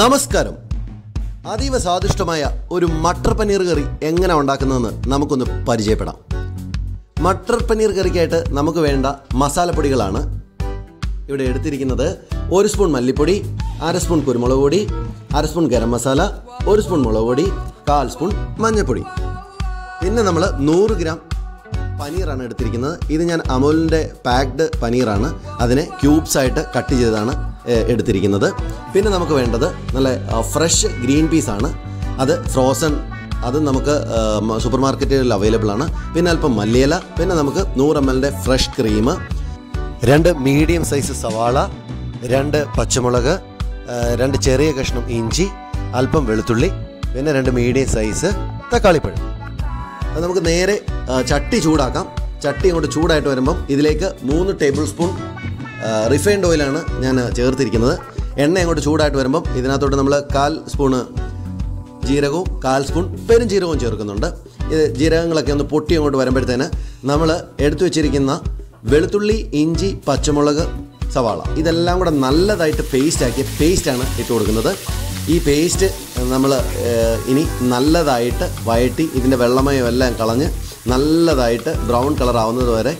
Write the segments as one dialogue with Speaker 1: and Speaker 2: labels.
Speaker 1: നമസ്കാരം അതീവ സ്വാദിഷ്ടമായ ഒരു മട്ടർ പനീർ കറി എങ്ങനെ ഉണ്ടാക്കുന്നതെന്ന് നമുക്കൊന്ന് പരിചയപ്പെടാം മട്ടർ പനീർ കറിക്കായിട്ട് നമുക്ക് വേണ്ട മസാലപ്പൊടികളാണ് ഇവിടെ എടുത്തിരിക്കുന്നത് ഒരു സ്പൂൺ മല്ലിപ്പൊടി അര സ്പൂൺ കുരുമുളക് പൊടി അര സ്പൂൺ ഗരം മസാല ഒരു സ്പൂൺ മുളക് പൊടി കാൽ സ്പൂൺ മഞ്ഞൾപ്പൊടി പിന്നെ നമ്മൾ നൂറ് ഗ്രാം പനീറാണ് എടുത്തിരിക്കുന്നത് ഇത് ഞാൻ അമൂലിൻ്റെ പാക്ഡ് പനീറാണ് അതിനെ ക്യൂബ്സ് ആയിട്ട് കട്ട് ചെയ്തതാണ് എടുത്തിരിക്കുന്നത് പിന്നെ നമുക്ക് വേണ്ടത് നല്ല ഫ്രഷ് ഗ്രീൻ പീസ് ആണ് അത് ഫ്രോസൺ അത് നമുക്ക് സൂപ്പർ മാർക്കറ്റുകളിൽ അവൈലബിൾ ആണ് പിന്നെ അല്പം മല്ലിയില പിന്നെ നമുക്ക് നൂറ് എം എല്ലിൻ്റെ ഫ്രഷ് ക്രീം രണ്ട് മീഡിയം സൈസ് സവാള രണ്ട് പച്ചമുളക് രണ്ട് ചെറിയ കഷ്ണം ഇഞ്ചി അല്പം വെളുത്തുള്ളി പിന്നെ രണ്ട് മീഡിയം സൈസ് തക്കാളിപ്പഴം അത് നമുക്ക് നേരെ ചട്ടി ചൂടാക്കാം ചട്ടി ഇങ്ങോട്ട് ചൂടായിട്ട് വരുമ്പം ഇതിലേക്ക് മൂന്ന് ടേബിൾ സ്പൂൺ റിഫൈൻഡ് ഓയിലാണ് ഞാൻ ചേർത്തിരിക്കുന്നത് എണ്ണ അങ്ങോട്ട് ചൂടായിട്ട് വരുമ്പം ഇതിനകത്തോട്ട് നമ്മൾ കാൽ സ്പൂണ് ജീരകവും കാൽ സ്പൂൺ പെരുംജീരകവും ചേർക്കുന്നുണ്ട് ഇത് ജീരകങ്ങളൊക്കെ ഒന്ന് പൊട്ടി അങ്ങോട്ട് വരുമ്പോഴത്തേന് നമ്മൾ എടുത്തു വെച്ചിരിക്കുന്ന വെളുത്തുള്ളി ഇഞ്ചി പച്ചമുളക് സവാള ഇതെല്ലാം കൂടെ നല്ലതായിട്ട് പേസ്റ്റാക്കി പേസ്റ്റാണ് ഇട്ട് കൊടുക്കുന്നത് ഈ പേസ്റ്റ് നമ്മൾ ഇനി നല്ലതായിട്ട് വയറ്റി ഇതിൻ്റെ വെള്ളമയം എല്ലാം കളഞ്ഞ് നല്ലതായിട്ട് ബ്രൗൺ കളർ ആവുന്നത് വരെ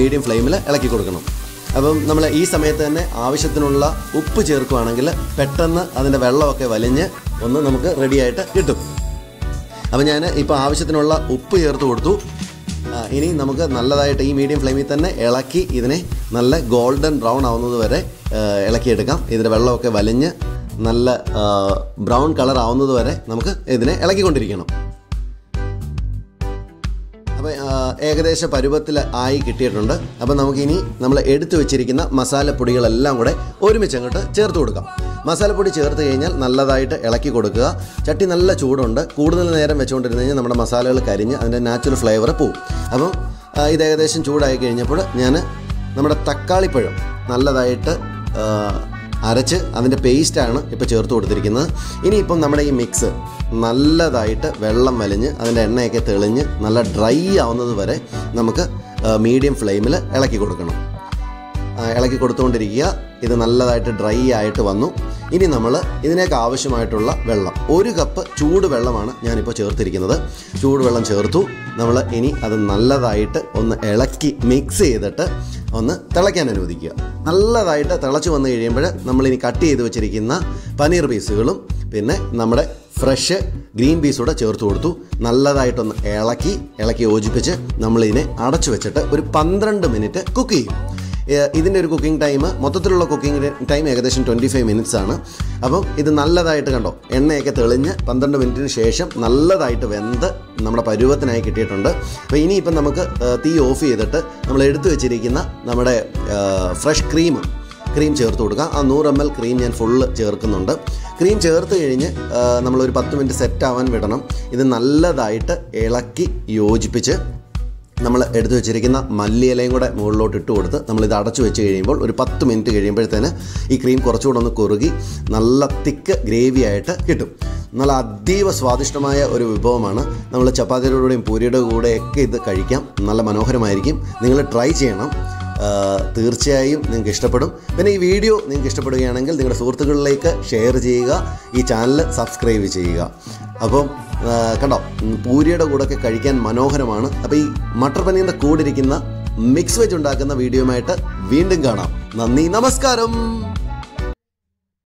Speaker 1: മീഡിയം ഫ്ലെയിമിൽ ഇളക്കി കൊടുക്കണം അപ്പം നമ്മൾ ഈ സമയത്ത് തന്നെ ആവശ്യത്തിനുള്ള ഉപ്പ് ചേർക്കുകയാണെങ്കിൽ പെട്ടെന്ന് അതിൻ്റെ വെള്ളമൊക്കെ വലിഞ്ഞ് ഒന്ന് നമുക്ക് റെഡിയായിട്ട് കിട്ടും അപ്പം ഞാൻ ഇപ്പോൾ ആവശ്യത്തിനുള്ള ഉപ്പ് ചേർത്ത് കൊടുത്തു ഇനി നമുക്ക് നല്ലതായിട്ട് ഈ മീഡിയം ഫ്ലെയിമിൽ തന്നെ ഇളക്കി ഇതിനെ നല്ല ഗോൾഡൻ ബ്രൗൺ ആവുന്നത് വരെ ഇളക്കിയെടുക്കാം ഇതിൻ്റെ വെള്ളമൊക്കെ വലിഞ്ഞ് നല്ല ബ്രൗൺ കളർ ആവുന്നത് വരെ നമുക്ക് ഇതിനെ ഇളക്കിക്കൊണ്ടിരിക്കണം അപ്പോൾ ഏകദേശം പരുവത്തിൽ ആയി കിട്ടിയിട്ടുണ്ട് അപ്പോൾ നമുക്കിനി നമ്മൾ എടുത്തു വെച്ചിരിക്കുന്ന മസാലപ്പൊടികളെല്ലാം കൂടെ ഒരുമിച്ച് അങ്ങോട്ട് ചേർത്ത് കൊടുക്കാം മസാലപ്പൊടി ചേർത്ത് കഴിഞ്ഞാൽ നല്ലതായിട്ട് ഇളക്കി കൊടുക്കുക ചട്ടി നല്ല ചൂടുണ്ട് കൂടുതൽ നേരം വെച്ചുകൊണ്ടിരുന്ന് കഴിഞ്ഞാൽ നമ്മുടെ മസാലകൾ കരിഞ്ഞ് അതിൻ്റെ നാച്ചുറൽ ഫ്ലേവർ പോവും അപ്പം ഇത് ഏകദേശം ചൂടായി കഴിഞ്ഞപ്പോൾ ഞാൻ നമ്മുടെ തക്കാളിപ്പഴം നല്ലതായിട്ട് അരച്ച് അതിൻ്റെ പേസ്റ്റാണ് ഇപ്പോൾ ചേർത്ത് കൊടുത്തിരിക്കുന്നത് ഇനിയിപ്പം നമ്മുടെ ഈ മിക്സ് നല്ലതായിട്ട് വെള്ളം വലിഞ്ഞ് അതിൻ്റെ എണ്ണയൊക്കെ തെളിഞ്ഞ് നല്ല ഡ്രൈ ആവുന്നത് വരെ നമുക്ക് മീഡിയം ഫ്ലെയിമിൽ ഇളക്കി കൊടുക്കണം ഇളക്കി കൊടുത്തുകൊണ്ടിരിക്കുക ഇത് നല്ലതായിട്ട് ഡ്രൈ ആയിട്ട് വന്നു ഇനി നമ്മൾ ഇതിനേക്ക് ആവശ്യമായിട്ടുള്ള വെള്ളം ഒരു കപ്പ് ചൂടുവെള്ളമാണ് ഞാനിപ്പോൾ ചേർത്തിരിക്കുന്നത് ചൂടുവെള്ളം ചേർത്തു നമ്മൾ ഇനി അത് നല്ലതായിട്ട് ഒന്ന് ഇളക്കി മിക്സ് ചെയ്തിട്ട് ഒന്ന് തിളയ്ക്കാൻ അനുവദിക്കുക നല്ലതായിട്ട് തിളച്ച് വന്നു കഴിയുമ്പോൾ നമ്മളിനി കട്ട് ചെയ്ത് വെച്ചിരിക്കുന്ന പനീർ പീസുകളും പിന്നെ നമ്മുടെ ഫ്രഷ് ഗ്രീൻ പീസ് കൂടെ ചേർത്ത് കൊടുത്തു നല്ലതായിട്ടൊന്ന് ഇളക്കി ഇളക്കി യോജിപ്പിച്ച് നമ്മളിതിനെ അടച്ചു വെച്ചിട്ട് ഒരു പന്ത്രണ്ട് മിനിറ്റ് കുക്ക് ചെയ്യും ഇതിൻ്റെ ഒരു കുക്കിംഗ് ടൈം മൊത്തത്തിലുള്ള കുക്കിംഗ് ടൈം ഏകദേശം ട്വൻറ്റി ഫൈവ് മിനിറ്റ്സ് ആണ് അപ്പം ഇത് നല്ലതായിട്ട് കണ്ടോ എണ്ണയൊക്കെ തെളിഞ്ഞ് പന്ത്രണ്ട് മിനിറ്റിന് ശേഷം നല്ലതായിട്ട് വെന്ത് നമ്മുടെ പരുവത്തിനായി കിട്ടിയിട്ടുണ്ട് അപ്പോൾ ഇനിയിപ്പം നമുക്ക് തീ ഓഫ് ചെയ്തിട്ട് നമ്മൾ എടുത്തു വെച്ചിരിക്കുന്ന നമ്മുടെ ഫ്രഷ് ക്രീം ക്രീം ചേർത്ത് കൊടുക്കുക ആ നൂറ് എം എൽ ക്രീം ഞാൻ ഫുള്ള് ചേർക്കുന്നുണ്ട് ക്രീം ചേർത്ത് കഴിഞ്ഞ് നമ്മളൊരു പത്ത് മിനിറ്റ് സെറ്റ് ആവാൻ വിടണം ഇത് നല്ലതായിട്ട് ഇളക്കി യോജിപ്പിച്ച് നമ്മൾ എടുത്തു വെച്ചിരിക്കുന്ന മല്ലിയിലയും കൂടെ മുകളിലോട്ട് ഇട്ട് കൊടുത്ത് നമ്മളിത് അടച്ചു വെച്ച് കഴിയുമ്പോൾ ഒരു പത്ത് മിനിറ്റ് കഴിയുമ്പോഴത്തേന് ഈ ക്രീം കുറച്ചുകൂടെ ഒന്ന് കുറുകി നല്ല തിക്ക് ഗ്രേവി ആയിട്ട് കിട്ടും നല്ല അതീവ സ്വാദിഷ്ടമായ ഒരു വിഭവമാണ് നമ്മൾ ചപ്പാത്തിയുടെ കൂടെയും പൂരിയുടെ കൂടെയൊക്കെ ഇത് കഴിക്കാം നല്ല മനോഹരമായിരിക്കും നിങ്ങൾ ട്രൈ ചെയ്യണം തീർച്ചയായും നിങ്ങൾക്ക് ഇഷ്ടപ്പെടും പിന്നെ ഈ വീഡിയോ നിങ്ങൾക്ക് ഇഷ്ടപ്പെടുകയാണെങ്കിൽ നിങ്ങളുടെ സുഹൃത്തുക്കളിലേക്ക് ഷെയർ ചെയ്യുക ഈ ചാനൽ സബ്സ്ക്രൈബ് ചെയ്യുക അപ്പം കണ്ടോ പൂരിയുടെ കൂടെയൊക്കെ കഴിക്കാൻ മനോഹരമാണ് അപ്പോൾ ഈ മട്ടർ പനീറിൻ്റെ കൂടിരിക്കുന്ന മിക്സ് വെച്ച് ഉണ്ടാക്കുന്ന വീഡിയോയുമായിട്ട് വീണ്ടും കാണാം നന്ദി നമസ്കാരം